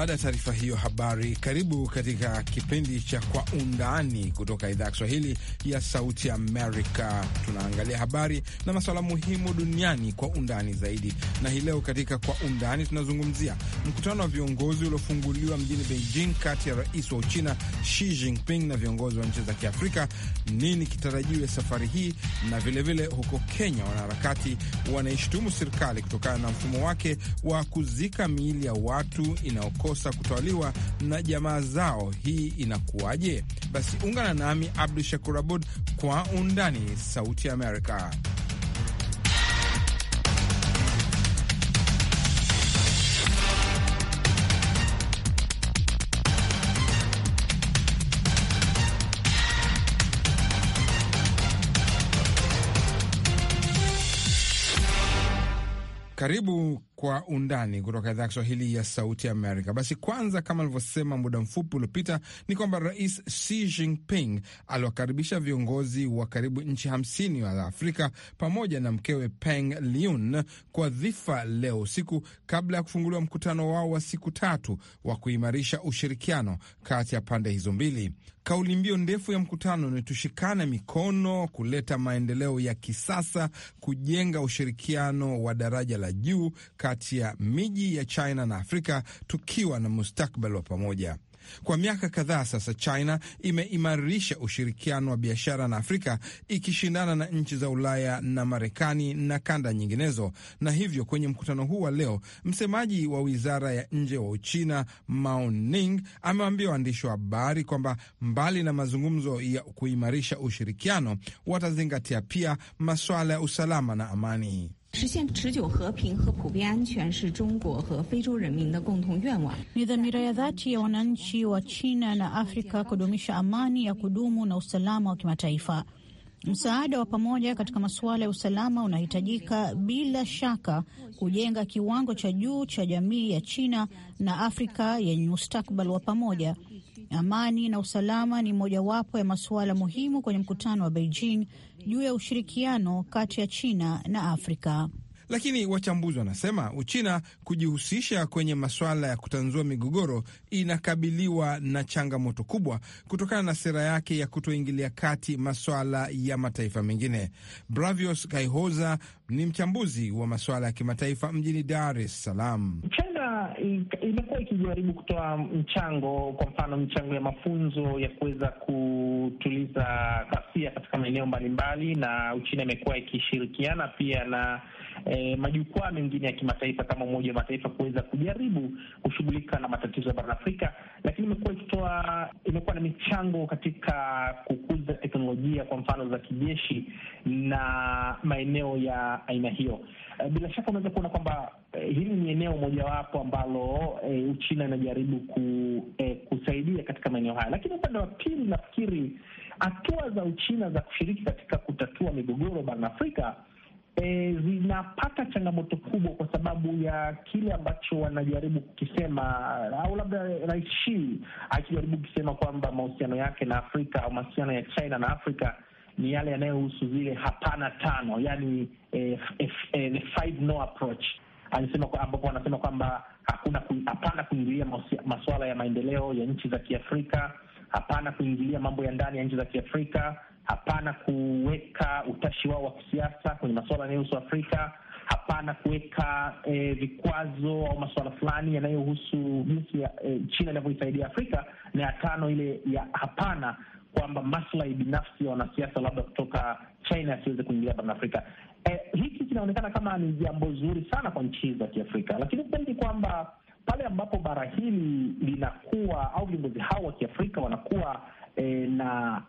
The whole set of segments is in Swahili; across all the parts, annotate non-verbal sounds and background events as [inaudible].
baada ya taarifa hiyo habari. Karibu katika kipindi cha Kwa Undani kutoka idhaa ya Kiswahili ya Sauti Amerika. Tunaangalia habari na masuala muhimu duniani kwa undani zaidi, na hii leo katika Kwa Undani tunazungumzia mkutano wa viongozi uliofunguliwa mjini Beijing kati ya rais wa Uchina Xi Jinping na viongozi wa nchi za Kiafrika. Nini kitarajiwe safari hii? Na vilevile vile, huko Kenya wanaharakati wanaishtumu serikali kutokana na mfumo wake wa kuzika miili ya watu inaoko kukosa kutawaliwa na jamaa zao. Hii inakuwaje? Basi ungana nami Abdu Shakur Abud kwa undani, Sauti ya Amerika. Karibu kwa undani kutoka idhaa ya Kiswahili ya Sauti Amerika. Basi kwanza, kama alivyosema muda mfupi uliopita, ni kwamba Rais Xi Jinping aliwakaribisha viongozi wa karibu nchi hamsini wa Afrika pamoja na mkewe Peng liun kwa dhifa leo usiku kabla ya kufunguliwa mkutano wao wa siku tatu wa kuimarisha ushirikiano kati ya pande hizo mbili kauli mbiu ndefu ya mkutano ni tushikane mikono kuleta maendeleo ya kisasa, kujenga ushirikiano wa daraja la juu kati ya miji ya China na Afrika, tukiwa na mustakbal wa pamoja. Kwa miaka kadhaa sasa, China imeimarisha ushirikiano wa biashara na Afrika ikishindana na nchi za Ulaya na Marekani na kanda nyinginezo. Na hivyo kwenye mkutano huu wa leo, msemaji wa wizara ya nje wa Uchina Mao Ning amewaambia waandishi wa habari kwamba mbali na mazungumzo ya kuimarisha ushirikiano, watazingatia pia masuala ya usalama na amani. 实现持久和平和普遍安全是中国和非洲人民的共同愿望。Ni dhamira ya dhati ya wananchi wa China na Afrika kudumisha amani ya kudumu na usalama wa kimataifa. Msaada wa pamoja katika masuala ya usalama unahitajika bila shaka kujenga kiwango cha juu cha jamii ya China na Afrika yenye mustakbal wa pamoja. Amani na usalama ni mojawapo ya masuala muhimu kwenye mkutano wa Beijing juu ya ushirikiano kati ya China na Afrika. Lakini wachambuzi wanasema Uchina kujihusisha kwenye masuala ya kutanzua migogoro inakabiliwa na changamoto kubwa kutokana na sera yake ya kutoingilia kati masuala ya mataifa mengine. Bravios Kaihoza ni mchambuzi wa masuala ya kimataifa mjini Dar es Salaam. China imekuwa ikijaribu kutoa mchango, kwa mfano michango ya mafunzo ya kuweza kutuliza ghasia katika maeneo mbalimbali, na Uchina imekuwa ikishirikiana pia na eh, majukwaa mengine ya kimataifa kama Umoja wa Mataifa kuweza kujaribu kushughulika na matatizo ya barani Afrika, lakini imekuwa ikitoa imekuwa na michango katika kukuza teknolojia kwa mfano za kijeshi na maeneo ya aina hiyo. E, bila shaka unaweza kuona kwamba eh, hili ni eneo mojawapo ambalo eh, Uchina inajaribu ku, eh, kusaidia katika maeneo haya, lakini upande wa pili nafikiri hatua za Uchina za kushiriki katika kutatua migogoro barani Afrika e, zinapata changamoto kubwa kwa sababu ya kile ambacho wanajaribu kukisema, au labda Rais Xi akijaribu kukisema kwamba mahusiano yake na Afrika au mahusiano ya China na Afrika ni yale yanayohusu zile hapana tano, yani eh, f, eh, eh the five no approach ambapo wanasema kwamba hakuna hapana kuingilia masuala ya maendeleo ya nchi za Kiafrika, hapana kuingilia mambo ya ndani ya nchi za Kiafrika, hapana kuweka utashi wao wa kisiasa kwenye masuala yanayohusu Afrika, hapana kuweka eh, vikwazo au masuala fulani yanayohusu jinsi ya, eh, China inavyoisaidia Afrika, na ya tano ile ya hapana kwamba maslahi binafsi ya wanasiasa labda kutoka China yasiweze kuingilia barani Afrika. Eh, hiki kinaonekana kama ni jambo zuri sana kwa nchi za Kiafrika, lakini ukweli ni kwamba pale ambapo bara hili linakuwa au viongozi hao wa Kiafrika wanakuwa eh, na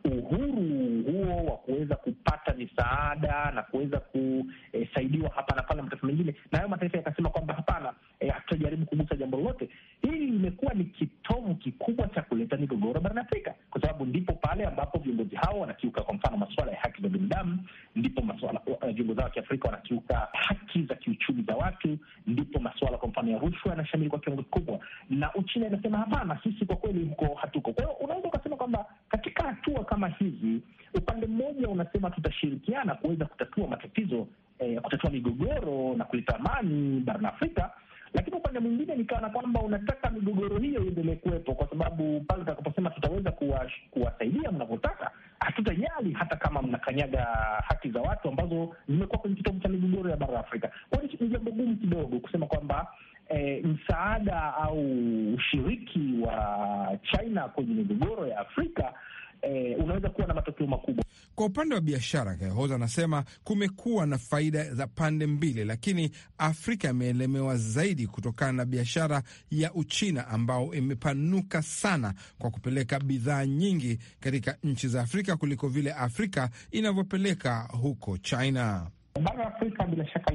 kuweza kusaidiwa e, hapa na pale mataifa mengine, na hayo mataifa yakasema kwamba hapana, eh, hatutajaribu kugusa jambo lolote. Hili limekuwa ni kitovu kikubwa cha kuleta migogoro barani Afrika, kwa sababu ndipo pale ambapo viongozi hao wanakiuka, kwa mfano, masuala ya haki za binadamu, ndipo masuala uh, uh, viongozi hao wa kiafrika wanakiuka haki za kiuchumi za watu, ndipo masuala kwa mfano ya rushwa yanashamiri kwa kiwango kikubwa, na Uchina inasema hapana, sisi kwa kweli huko hatuko. Kwa hiyo unaweza ukasema kwamba katika hatua kama hizi wanasema tutashirikiana kuweza kutatua matatizo eh, kutatua migogoro na kuleta amani barani Afrika, lakini upande mwingine nikaona kwamba unataka migogoro hiyo iendelee kuwepo, kwa sababu pale utakaposema tutaweza kuwa, kuwasaidia mnavyotaka, hatutajali hata kama mnakanyaga haki za watu ambazo zimekuwa kwenye kitovu cha migogoro ya bara la Afrika. Kwa hiyo ni jambo gumu kidogo kusema kwamba e, msaada au ushiriki wa China kwenye migogoro ya Afrika e, unaweza kuwa na matokeo makubwa kwa upande wa biashara. Kahoza anasema kumekuwa na faida za pande mbili, lakini Afrika imeelemewa zaidi kutokana na biashara ya Uchina ambao imepanuka sana kwa kupeleka bidhaa nyingi katika nchi za Afrika kuliko vile Afrika inavyopeleka huko China. Bara la Afrika bila shaka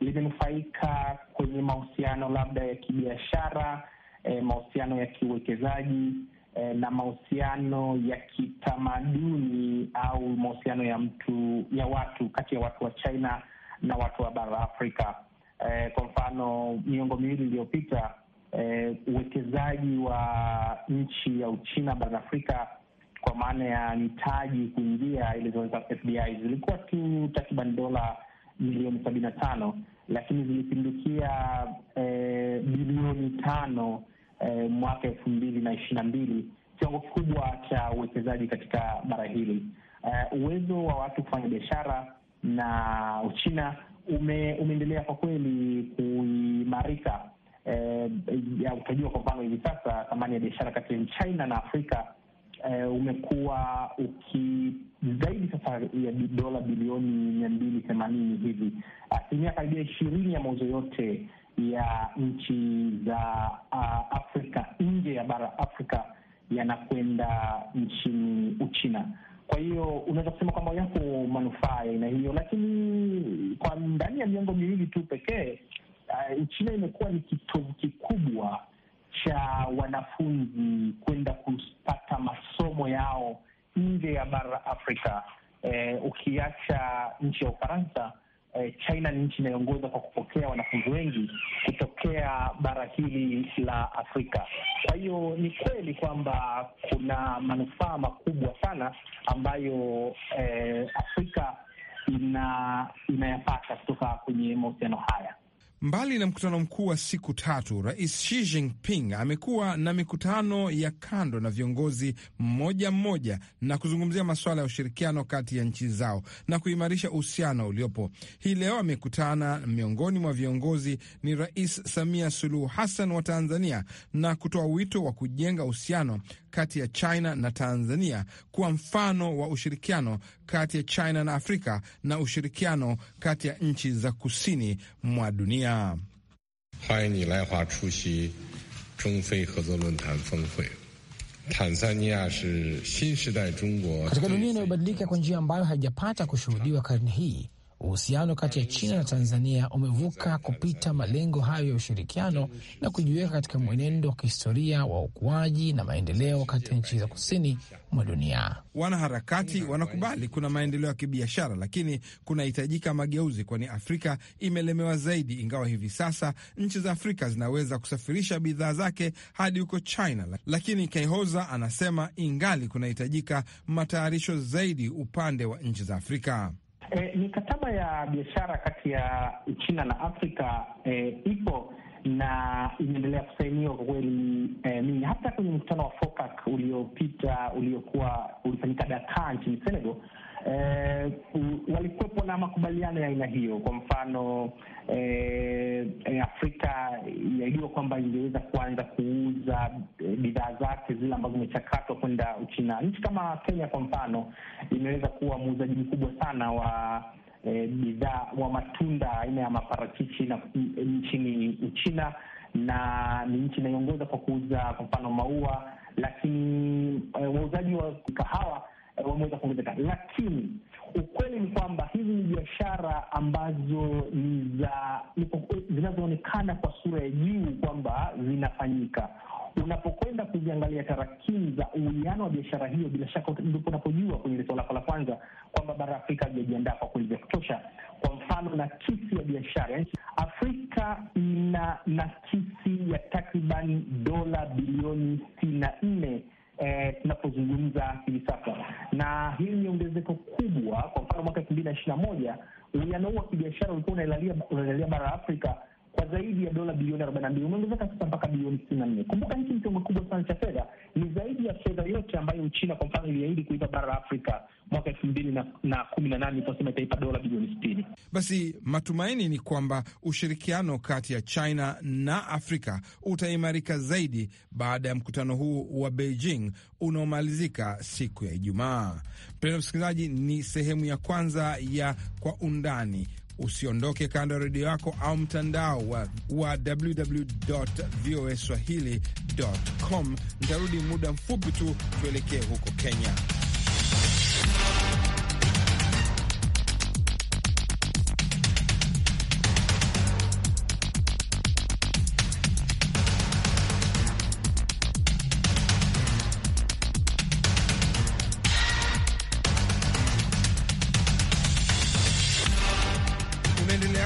limenufaika kwenye mahusiano labda ya kibiashara, eh, mahusiano ya kiuwekezaji eh, na mahusiano ya kitamaduni au mahusiano ya mtu ya watu kati ya watu wa China na watu wa bara la Afrika. Eh, kwa mfano miongo miwili iliyopita eh, uwekezaji wa nchi ya Uchina barani Afrika kwa maana ya mitaji kuingia ilizoweza FDI zilikuwa tu takriban dola milioni sabini na tano lakini zilipindukia eh, bilioni tano eh, mwaka elfu mbili na ishirini na mbili kiwango kikubwa cha uwekezaji katika bara hili. Uh, uwezo wa watu kufanya biashara na Uchina ume, umeendelea kwa kweli kuimarika. Uh, utajua kwa mfano hivi sasa thamani ya biashara kati ya China na Afrika eh, umekuwa uki zaidi sasa ya dola bilioni mia mbili themanini hivi, asilimia karibia ishirini ya mauzo yote ya nchi za uh, Afrika nje ya bara Afrika yanakwenda nchini Uchina. Kwa hiyo unaweza kusema kwamba yapo manufaa ya aina hiyo, lakini kwa ndani ya miongo miwili tu pekee, uh, Uchina imekuwa ni kitovu kikubwa cha wanafunzi kwenda kupata masomo yao nje ya bara la Afrika. Eh, ukiacha nchi ya Ufaransa eh, China ni nchi inayoongoza kwa kupokea wanafunzi wengi kutokea bara hili la Afrika. Kwa hiyo ni kweli kwamba kuna manufaa makubwa sana ambayo eh, Afrika ina inayapata kutoka kwenye mahusiano haya. Mbali na mkutano mkuu wa siku tatu, Rais Xi Jinping amekuwa na mikutano ya kando na viongozi mmoja mmoja na kuzungumzia masuala ya ushirikiano kati ya nchi zao na kuimarisha uhusiano uliopo. Hii leo amekutana, miongoni mwa viongozi ni Rais Samia Suluhu Hassan wa Tanzania, na kutoa wito wa kujenga uhusiano kati ya China na Tanzania kuwa mfano wa ushirikiano kati ya China na Afrika na ushirikiano kati ya nchi za kusini mwa dunia. Katika dunia inayobadilika kwa njia ambayo haijapata kushuhudiwa karne hii, Uhusiano kati ya China na Tanzania umevuka kupita malengo hayo ya ushirikiano na kujiweka katika mwenendo wa kihistoria wa ukuaji na maendeleo kati ya nchi za kusini mwa dunia. Wanaharakati wanakubali kuna maendeleo ya kibiashara, lakini kunahitajika mageuzi, kwani Afrika imelemewa zaidi, ingawa hivi sasa nchi za Afrika zinaweza kusafirisha bidhaa zake hadi huko China. Lakini Kaihoza anasema ingali kunahitajika matayarisho zaidi upande wa nchi za Afrika. E, mikataba ya biashara kati ya China na Afrika e, ipo na imeendelea kusainiwa kwa kweli e, eh, mimi hata kwenye mkutano wa FOCAC uliopita uliokuwa ulifanyika Dakar nchini Senegal eh, walikuwepo na makubaliano ya aina hiyo. Kwa mfano eh, eh Afrika iliahidiwa kwamba ingeweza kuanza kuuza eh, bidhaa zake zile ambazo zimechakatwa kwenda Uchina. Nchi kama Kenya kwa mfano imeweza kuwa muuzaji mkubwa sana wa eh, bidhaa wa matunda aina ya maparachichi na eh, nchini Uchina na ni nchi inayoongoza kwa kuuza kwa mfano maua, lakini wauzaji wa kahawa wameweza kuongezeka, lakini ukweli ni kwamba hizi ni biashara ambazo ni za zinazoonekana kwa sura ya juu kwamba zinafanyika. Unapokwenda kuziangalia tarakimu za uwiano wa biashara hiyo, bila shaka ndipo unapojua kwenye swala lako la kwanza kwamba bara Afrika halijajiandaa kwa kweli vya kutosha. Kwa mfano nakisi ya biashara, Afrika ina nakisi ya takriban dola bilioni sitini na nne eh, tunapozungumza hivi sasa, na hili ni ongezeko kubwa. Kwa mfano mwaka elfu mbili na ishirini na moja uwiano huu wa kibiashara ulikuwa unailalia bara la Afrika kwa zaidi ya dola bilioni arobaini na mbili umeongezeka sasa mpaka bilioni sitini na nne. Kumbuka hiki ni kiwango kubwa sana cha fedha, ni zaidi ya fedha yote ambayo Uchina kwa mfano iliahidi kuipa bara la Afrika mwaka elfu mbili na, kumi na nane ikasema itaipa dola bilioni sitini. Basi matumaini ni kwamba ushirikiano kati ya China na Afrika utaimarika zaidi baada ya mkutano huu wa Beijing unaomalizika siku ya Ijumaa. Mpendwa msikilizaji, ni sehemu ya kwanza ya Kwa Undani. Usiondoke kando ya redio yako au mtandao wa, wa www.voaswahili.com. Nitarudi muda mfupi tu tuelekee huko Kenya.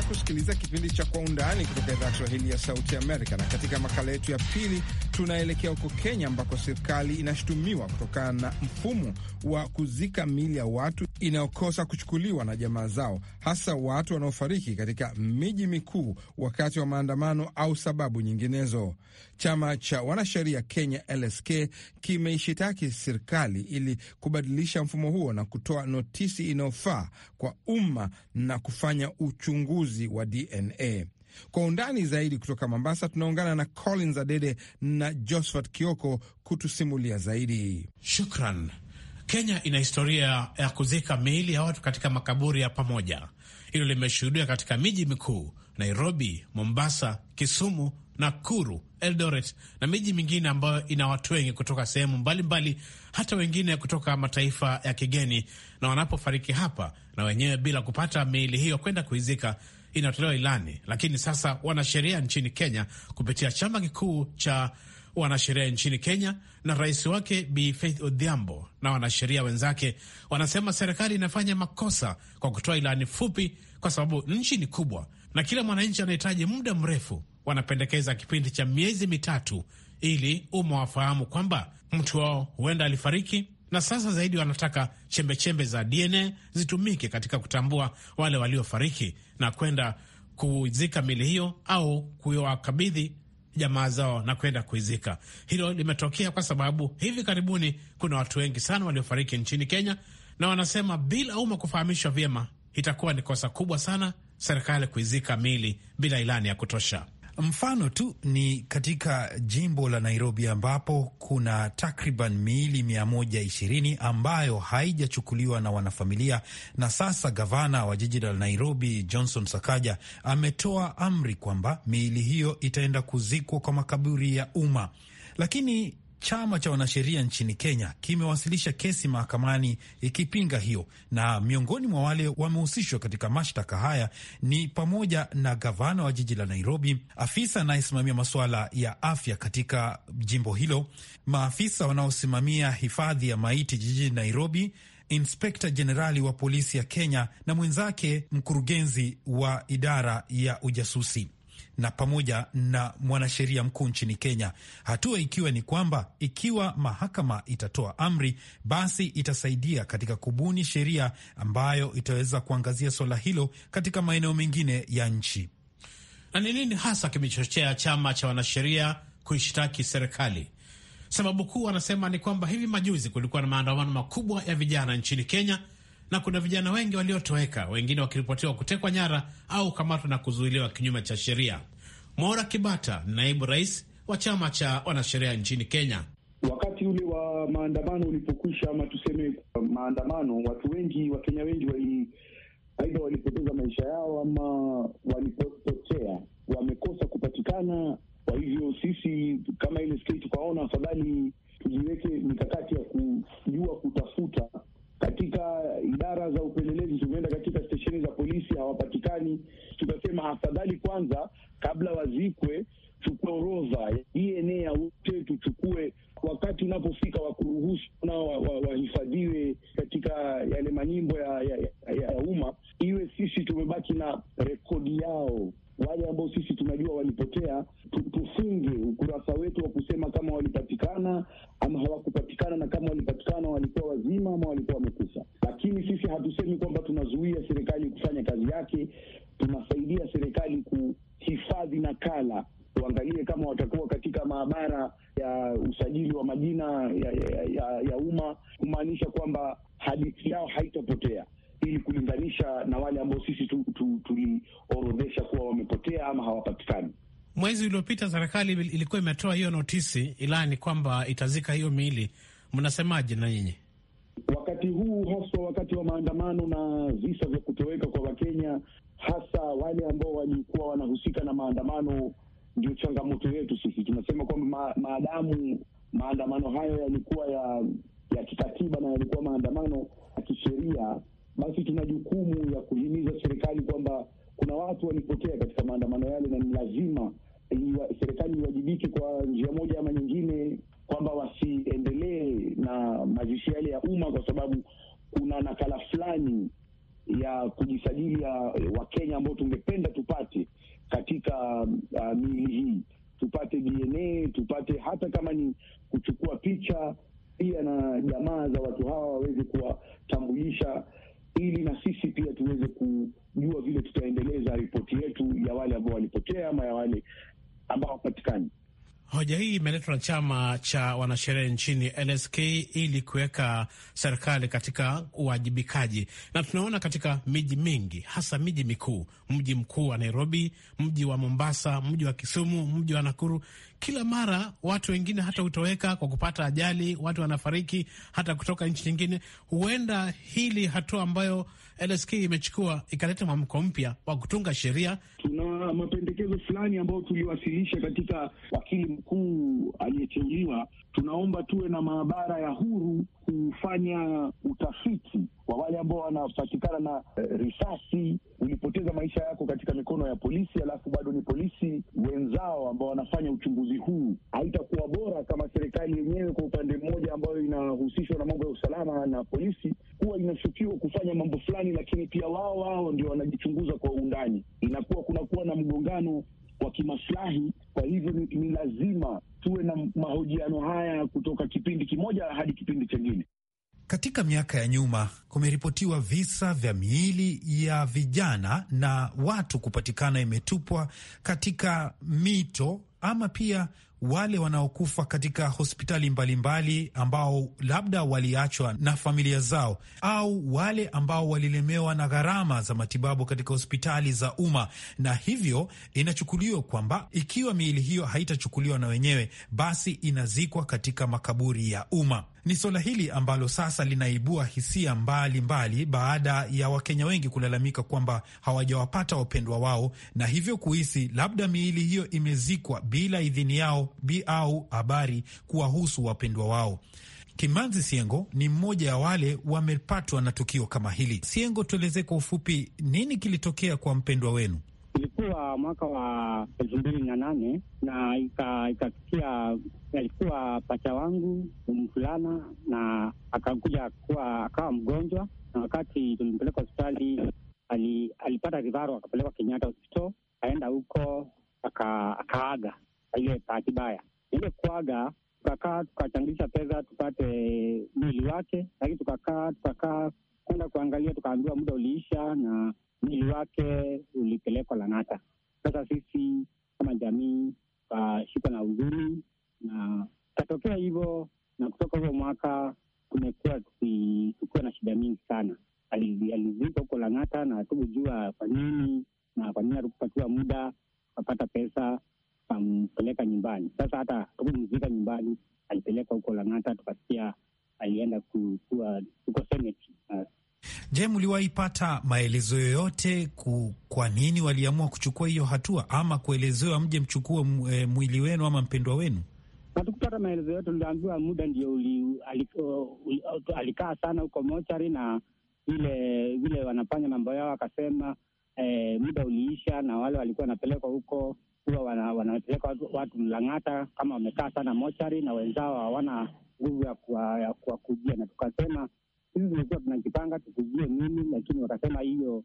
kusikiliza kipindi cha Kwa Undani kutoka idhaa ya Kiswahili ya Sauti Amerika, na katika makala yetu ya pili tunaelekea huko Kenya, ambako serikali inashutumiwa kutokana na mfumo wa kuzika miili ya watu inayokosa kuchukuliwa na jamaa zao, hasa watu wanaofariki katika miji mikuu wakati wa maandamano au sababu nyinginezo. Chama cha wanasheria Kenya LSK kimeishitaki serikali ili kubadilisha mfumo huo na kutoa notisi inayofaa kwa umma na kufanya uchunguzi uchunguzi wa DNA. Kwa undani zaidi kutoka Mombasa tunaungana na Collins Adede na Josphat Kioko kutusimulia zaidi. Shukran. Kenya ina historia ya kuzika miili ya watu katika makaburi ya pamoja. Hilo limeshuhudiwa katika miji mikuu Nairobi, Mombasa, Kisumu, Nakuru, Eldoret na miji mingine ambayo ina watu wengi kutoka sehemu mbalimbali, hata wengine kutoka mataifa ya kigeni, na wanapofariki hapa na wenyewe bila kupata miili hiyo kwenda kuizika inatolewa ilani, lakini sasa wanasheria nchini Kenya kupitia chama kikuu cha wanasheria nchini Kenya na rais wake Bi Faith Odhiambo na wanasheria wenzake wanasema serikali inafanya makosa kwa kutoa ilani fupi, kwa sababu nchi ni kubwa na kila mwananchi anahitaji muda mrefu. Wanapendekeza kipindi cha miezi mitatu ili umma wafahamu kwamba mtu wao huenda alifariki, na sasa zaidi wanataka chembechembe -chembe za DNA zitumike katika kutambua wale waliofariki na kwenda kuzika mili hiyo au kuwakabidhi jamaa zao na kwenda kuizika. Hilo limetokea kwa sababu hivi karibuni kuna watu wengi sana waliofariki nchini Kenya, na wanasema bila umma kufahamishwa vyema itakuwa ni kosa kubwa sana serikali kuizika mili bila ilani ya kutosha. Mfano tu ni katika jimbo la Nairobi ambapo kuna takriban miili 120 ambayo haijachukuliwa na wanafamilia, na sasa gavana wa jiji la Nairobi Johnson Sakaja ametoa amri kwamba miili hiyo itaenda kuzikwa kwa makaburi ya umma, lakini Chama cha wanasheria nchini Kenya kimewasilisha kesi mahakamani ikipinga hiyo, na miongoni mwa wale wamehusishwa katika mashtaka haya ni pamoja na gavana wa jiji la Nairobi, afisa anayesimamia masuala ya afya katika jimbo hilo, maafisa wanaosimamia hifadhi ya maiti jijini Nairobi, inspekta jenerali wa polisi ya Kenya na mwenzake mkurugenzi wa idara ya ujasusi na pamoja na mwanasheria mkuu nchini Kenya, hatua ikiwa ni kwamba ikiwa mahakama itatoa amri, basi itasaidia katika kubuni sheria ambayo itaweza kuangazia suala hilo katika maeneo mengine ya nchi. Na ni nini hasa kimechochea chama cha wanasheria kuishtaki serikali? Sababu kuu wanasema ni kwamba hivi majuzi kulikuwa na maandamano makubwa ya vijana nchini Kenya na kuna vijana wengi waliotoweka, wengine wakiripotiwa kutekwa nyara au kamatwa na kuzuiliwa kinyume cha sheria. mora Kibata, naibu rais wa chama cha wanasheria nchini Kenya. Wakati ule wa maandamano ulipokwisha, ama tuseme maandamano, watu wengi, Wakenya wengi wali aidha walipoteza maisha yao ama walipotea, wamekosa kupatikana. Kwa hivyo sisi kama ile LSK tukaona afadhali tujiweke mikakati ya kujua kutafuta katika idara za upelelezi, tumeenda katika stesheni za polisi, hawapatikani. Tukasema afadhali kwanza, kabla wazikwe, chukue orodha ya DNA ya wote, tuchukue wakati unapofika wa kuruhusu nao wahifadhiwe wa, wa katika yale manyimbo ya, ya, ya, ya umma, iwe sisi tumebaki na rekodi yao wale ambao sisi tunajua walipotea, tufunge ukurasa wetu wa kusema kama walipatikana ama hawakupatikana, na kama walipatikana walikuwa wazima ama walikuwa wamekufa. Lakini sisi hatusemi kwamba tunazuia serikali kufanya kazi yake, tunasaidia serikali kuhifadhi nakala Tuangalie kama watakuwa katika maabara ya usajili wa majina ya, ya, ya, ya umma kumaanisha kwamba hadithi yao haitapotea ili kulinganisha na wale ambao sisi tuliorodhesha tu, tu, kuwa wamepotea ama hawapatikani. Mwezi uliopita serikali ilikuwa imetoa hiyo notisi, ilani kwamba itazika hiyo miili. Mnasemaje na nyinyi wakati huu, haswa wakati wa maandamano na visa vya kutoweka kwa Wakenya, hasa wale ambao walikuwa wanahusika na maandamano? Ndio changamoto yetu sisi. Tunasema kwamba maadamu maandamano hayo yalikuwa ya ya kikatiba na yalikuwa maandamano ya kisheria, basi tuna jukumu ya kuhimiza serikali kwamba kuna watu walipotea katika maandamano yale, na ni lazima serikali iwajibike kwa njia moja ama nyingine, kwamba wasiendelee na mazishi yale ya umma, kwa sababu kuna nakala fulani ya kujisajili ya Wakenya ambao tungependa tupate katika uh, miili hii, tupate DNA, tupate hata kama ni kuchukua picha pia, na jamaa za watu hawa waweze kuwatambulisha ili na sisi pia tuweze kujua vile tutaendeleza ripoti yetu ya wale ambao walipotea ama ya wale ambao wapatikani Hoja hii imeletwa na chama cha wanasheria nchini LSK ili kuweka serikali katika uwajibikaji, na tunaona katika miji mingi, hasa miji mikuu, mji mkuu wa Nairobi, mji wa Mombasa, mji wa Kisumu, mji wa Nakuru, kila mara watu wengine hata hutoweka kwa kupata ajali, watu wanafariki hata kutoka nchi nyingine. Huenda hili hatua ambayo LSK imechukua ikaleta mwamko mpya wa kutunga sheria. Tuna mapendekezo fulani ambayo tuliwasilisha katika wakili mkuu aliyeteuliwa. Tunaomba tuwe na maabara ya huru kufanya utafiti kwa wale ambao wanapatikana na e, risasi, ulipoteza maisha yako katika mikono ya polisi, alafu bado ni polisi wenzao ambao wanafanya uchunguzi huu, haitakuwa bora kama serikali yenyewe kwa upande mmoja, ambayo inahusishwa na mambo ya usalama na polisi, kuwa inashukiwa kufanya mambo fulani, lakini pia wao wao ndio wanajichunguza kwa undani. Inakuwa kunakuwa na mgongano wa kimaslahi. Kwa hivyo ni, ni lazima tuwe na mahojiano haya kutoka kipindi kimoja hadi kipindi chengine. Katika miaka ya nyuma kumeripotiwa visa vya miili ya vijana na watu kupatikana imetupwa katika mito ama pia wale wanaokufa katika hospitali mbalimbali mbali ambao labda waliachwa na familia zao au wale ambao walilemewa na gharama za matibabu katika hospitali za umma, na hivyo inachukuliwa kwamba ikiwa miili hiyo haitachukuliwa na wenyewe, basi inazikwa katika makaburi ya umma. Ni suala hili ambalo sasa linaibua hisia mbalimbali mbali, baada ya Wakenya wengi kulalamika kwamba hawajawapata wapendwa wao na hivyo kuhisi labda miili hiyo imezikwa bila idhini yao bi au habari kuwahusu wapendwa wao. Kimanzi Siengo ni mmoja wa wale wamepatwa na tukio kama hili. Siengo, tuelezee kwa ufupi nini kilitokea kwa mpendwa wenu? Ilikuwa mwaka wa elfu mbili na nane na ikafikia, alikuwa pacha wangu mfulana, na akakuja kuwa akawa mgonjwa, na wakati tulimpeleka hospitali ali, alipata rivaro akapelekwa Kenyatta hospital, akaenda huko akaaga hiyo bahati ile kwaga tukakaa tukachangisha pesa tupate mwili wake, lakini tukakaa tukakaa kwenda kuangalia, tukaambiwa muda uliisha na mwili wake ulipelekwa Lang'ata. Sasa sisi kama jamii tukashikwa ah, na huzuni, na tukatokea hivyo, na kutoka huo mwaka tumekuwa tukiwa na shida mingi sana. Alizikwa huko Lang'ata na hatukujua kwa nini na kwa nini hatukupatiwa muda, tukapata pesa kampeleka nyumbani. Sasa hata kupumzika nyumbani, alipeleka huko Lang'ata, tukasikia alienda kuwa uh, huko cemetery. Uh. Je, mliwaipata maelezo yoyote ku, kwa nini waliamua kuchukua hiyo hatua ama kuelezewa mje mchukue e, mwili wenu ama mpendwa wenu? Hatukupata maelezo yote, tuliambiwa muda ndio alikaa sana huko mochari na vile vile wanafanya mambo yao, akasema eh, muda uliisha na wale walikuwa wanapelekwa huko huwa wanapeleka watu Mlang'ata kama wamekaa sana mochari na wenzao hawana nguvu ya kuwakujia, na tukasema sisi tulikuwa tunajipanga tukujie nini, lakini wakasema hiyo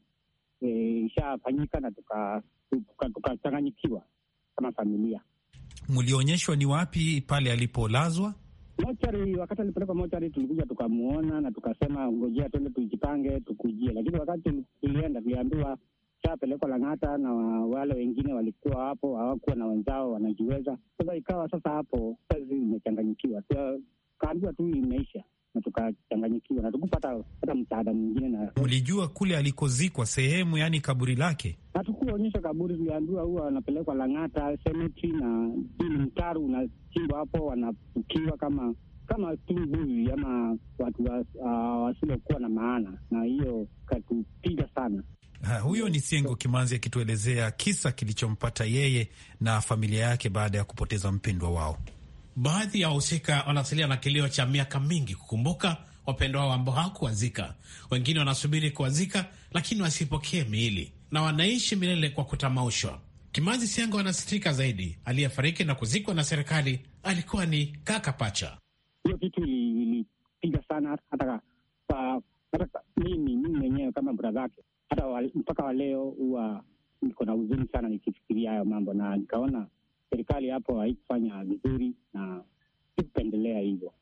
e, ishafanyika na tukachanganyikiwa tuka, tuka kama familia. Mlionyeshwa ni wapi pale alipolazwa mochari? Wakati alipelekwa mochari tulikuja tukamwona na tukasema ngojea tuende tujipange tukujie, lakini wakati tulienda tuliambiwa la Lang'ata na wale wengine walikuwa hapo, hawakuwa na wenzao wanajiweza. Sasa ikawa sasa hapo kazi imechanganyikiwa, tukaambiwa tu imeisha na tukachanganyikiwa na tukupata hata msaada mwingine. Na ulijua kule alikozikwa sehemu, yaani kaburi lake, hatukuonyesha kaburi, tuliambiwa huwa la Lang'ata cemetery, na hii ni unachimbwa hapo, wanafukiwa kama kama tu mbuzi ama watu wasilokuwa uh, na maana, na hiyo katupiga sana. Ha, huyo ni Siengo Kimanzi akituelezea kisa kilichompata yeye na familia yake baada ya kupoteza mpendwa wao. Baadhi ya wahusika wanasilia na kilio cha miaka mingi kukumbuka wapendwa wao ambao hawakuwazika. Wengine wanasubiri kuwazika, lakini wasipokee miili na wanaishi milele kwa kutamaushwa. Kimanzi Siengo anasitika zaidi, aliyefariki na kuzikwa na serikali alikuwa ni kaka pacha. Hiyo kitu ilinipiga sana, hata mimi mwenyewe kama bradhake hata wa, mpaka wa leo huwa niko na huzuni sana nikifikiria hayo mambo, na nikaona serikali hapo haikufanya vizuri na sikupendelea hivyo.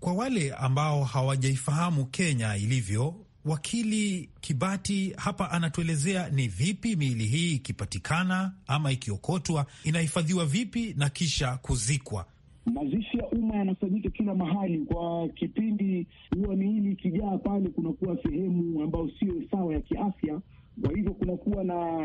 Kwa wale ambao hawajaifahamu Kenya ilivyo, wakili Kibati hapa anatuelezea ni vipi miili hii ikipatikana ama ikiokotwa inahifadhiwa vipi na kisha kuzikwa. Mazishi ya umma yanafanyika kila mahali kwa kipindi, huwa ili kijaa pale kunakuwa sehemu ambayo sio sawa ya kiafya kwa hivyo kunakuwa na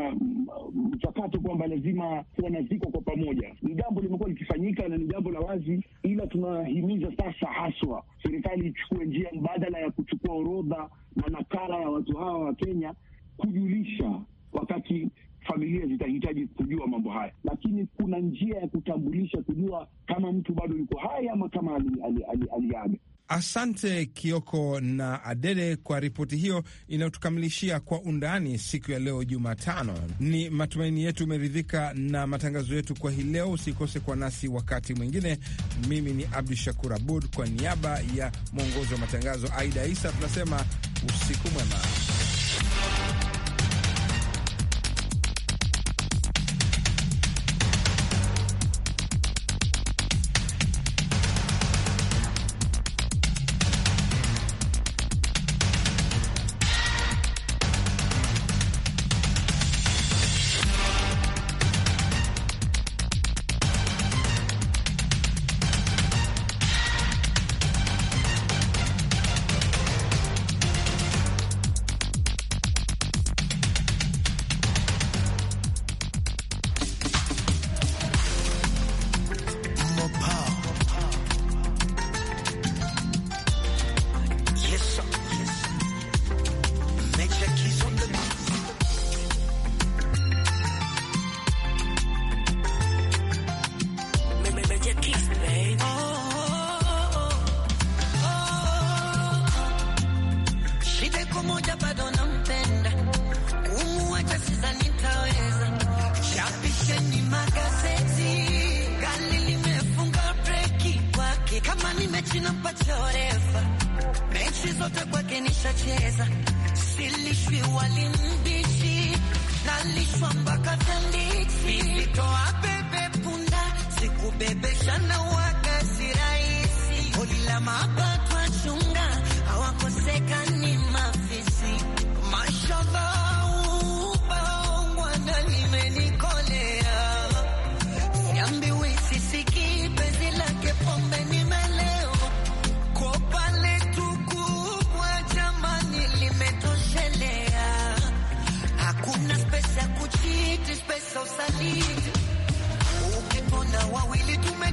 mchakato kwamba lazima kuwa na ziko kwa pamoja. Ni jambo limekuwa likifanyika na ni jambo la wazi, ila tunahimiza sasa haswa serikali ichukue njia mbadala ya kuchukua orodha na nakala ya watu hawa wa Kenya kujulisha wakati familia zitahitaji kujua mambo haya, lakini kuna njia ya kutambulisha, kujua kama mtu bado yuko hai ama kama aliaga ali, ali, ali, Asante Kioko na Adede kwa ripoti hiyo inayotukamilishia kwa undani siku ya leo Jumatano. Ni matumaini yetu umeridhika na matangazo yetu kwa hii leo. Usikose kwa nasi wakati mwingine. Mimi ni Abdu Shakur Abud, kwa niaba ya mwongozi wa matangazo Aida Isa, tunasema usiku mwema. moja bado nampenda, kumuacha siza nitaweza. Chapisheni magazeti, gari limefunga breki kwake, kama ni mechi nampa chorefa, mechi zote kwake nishacheza, silishwi walimbishi, nalishwa mpaka tandiki, nilitoa bebe punda, sikubebesha na wakazi rahisi, holi la mapatwa chunga hawakosekani wawili tume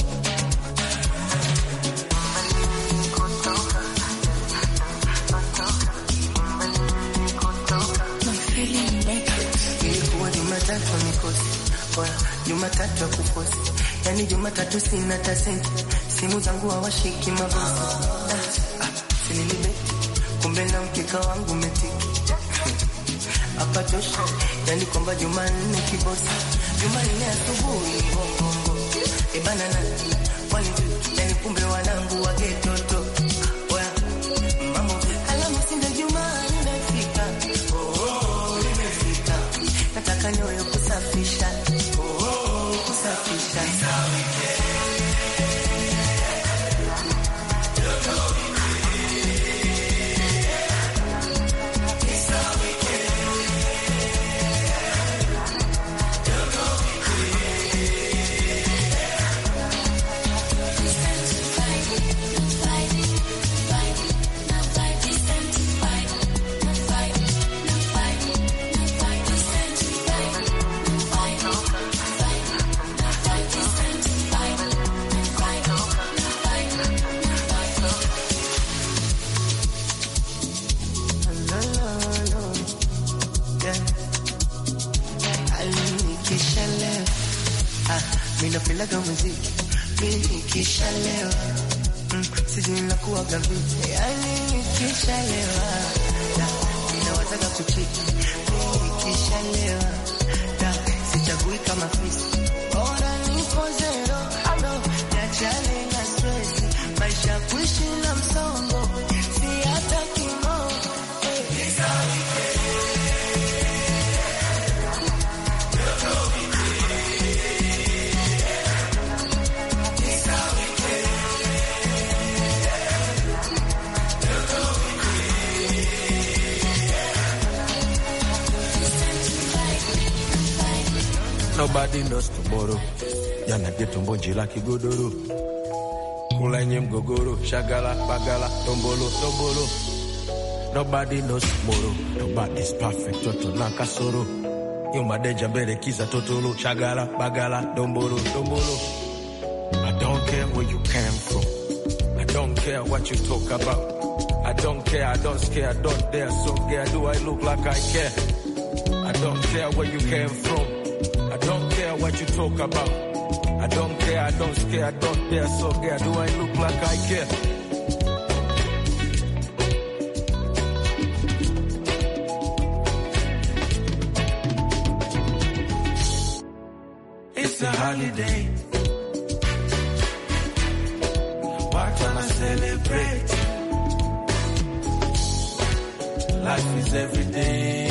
kwa Jumatatu akukosi, yani Jumatatu sina tasenti, simu zangu hawashiki mabosi. Ah, sinilibeti kumbe na mkeka wangu metiki [laughs] hapa tosha, yani kwamba Jumanne kibosi, Jumanne asubuhi bongo ebana eh, na wani, yani kumbe wanangu wagetoto oh, oh, Nataka nyoyo kusafisha Morogoro, jana geto mbonje la kigodoro, kula mgogoro, shagala bagala, tombolo tombolo. Nobody knows tomorrow, nobody's perfect, toto na kasoro, yo madenja mbele kiza totolo, shagala bagala, dombolo dombolo. I don't care where you came from, I don't care what you talk about. I don't care, I don't care, I don't dare. So, care. do I look like I care? I don't care where you came from what you talk about. I don't care, I don't scare, I don't dare, so care. Do I look like I care? It's a holiday. Why can I celebrate? Life is every day.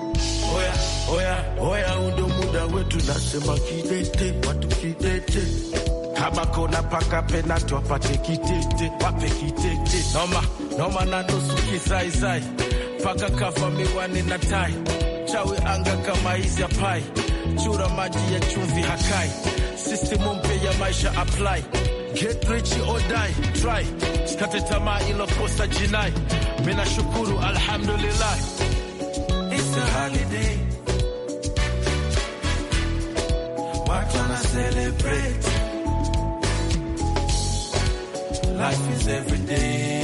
Oya, oya, oya, undo muda wetu, nasema kidete, watu kidete, kama kona paka penatu apate kitete, wape kitete, noma noma na nusu kizaizai, paka kafa miwani na tai, chawi anga kama hizi apai, chura maji ya chumvi hakai, sistimu mpya ya maisha apply, get rich or die, try, sikate tamaa ilokosa jinai, mina shukuru alhamdulillah it's a holiday. Why can't I celebrate? Life is every day.